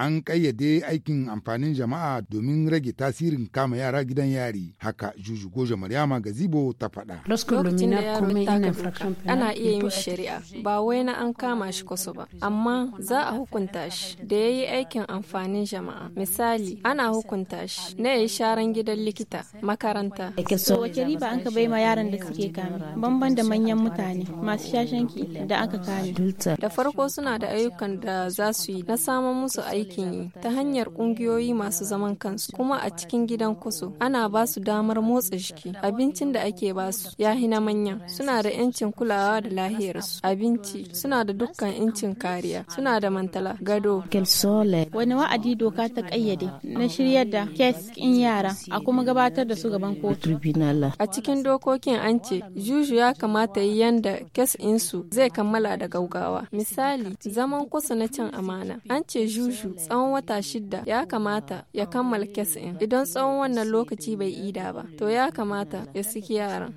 an ƙayyade aikin amfanin jama'a domin rage tasirin kama yara gidan yari haka juju goja maryama gazibo ta faɗa lokacin da yaro ana iya yin shari'a ba wai na an kama shi kwaso ba amma za a hukunta shi da ya yi aikin amfanin jama'a misali ana hukunta shi na ya yi sharan gidan likita makaranta so wace riba an ka ma yaran da suke kame bamban da manyan mutane masu shashanki da aka kame da farko suna da ayyukan da za su yi na samun musu aiki aikin yi ta hanyar ƙungiyoyi masu zaman kansu kuma a cikin gidan kuso ana ba su damar motsa jiki abincin da ake ba su ya hina manya suna da 'yancin kulawa da lahiyarsu abinci suna da dukkan 'yancin kariya suna da mantala gado wani wa'adi doka ta kayyade na shirya da kes in yara a kuma gabatar da su gaban kotu a cikin dokokin an ce juju ya kamata yi yanda kes insu zai kammala da gaugawa misali zaman kusa na cin amana an ce juju tsawon wata shida ya kamata ya kammala kes in idan tsawon wannan lokaci bai ida ba to ya kamata ya siki yaran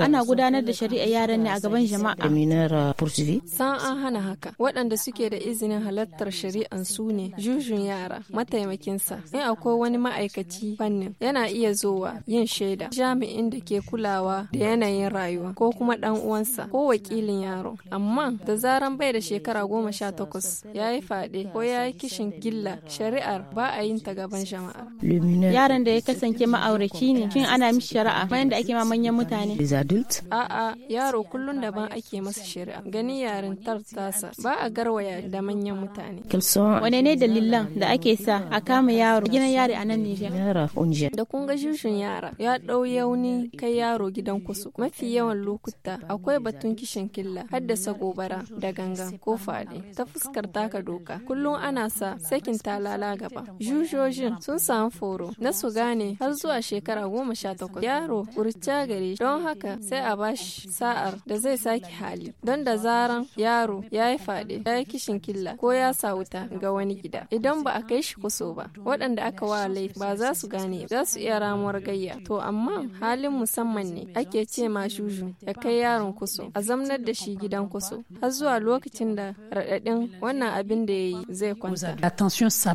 ana gudanar da shari'a yaran ne a gaban jama'a euh, san an hana haka waɗanda suke da izinin halartar shari'an su ne jujun yara mataimakinsa in akwai wani ma'aikaci fannin yana iya zowa yin shaida jami'in da ke kulawa da yanayin rayuwa ko kuma dan uwansa ko wakilin yaro amma da zaran bai da shekara goma sha takwas ya yi faɗe ko ya yi kishin gilla shari'ar ba a yin ta gaban jama'a. Yaron da ya kasance ma'auraci ne shin ana mishi shari'a bayan da ake ma manyan mutane. A'a yaro kullum da ban ake masa shari'a gani yaren tartasa ba a garwaya da manyan mutane. Wane ne dalilan da ake sa a kama yaro gidan yari a nan Nijar? Da kun ga shushin yara ya ɗau yauni kai yaro gidan kusu mafi yawan lokuta akwai batun kishin killa haddasa gobara da ganga ko fade ta fuskar taka doka kullum ana ana sa sakin talala gaba jujojin sun samu foro na su gane har zuwa shekara goma sha takwas yaro kurca gare don haka sai a bashi sa'ar da zai sake hali don da zaran yaro ya yi fade, ya yi kishin killa ko ya sa wuta ga wani gida idan ba a kai shi kuso ba waɗanda aka wa laifi ba za su gane za su iya ramuwar gayya to amma halin musamman ne ake ce ma juju ya kai yaron kuso a zamnar da shi gidan kuso har zuwa lokacin da raɗaɗin wannan abin da ya yi zai Attention, ça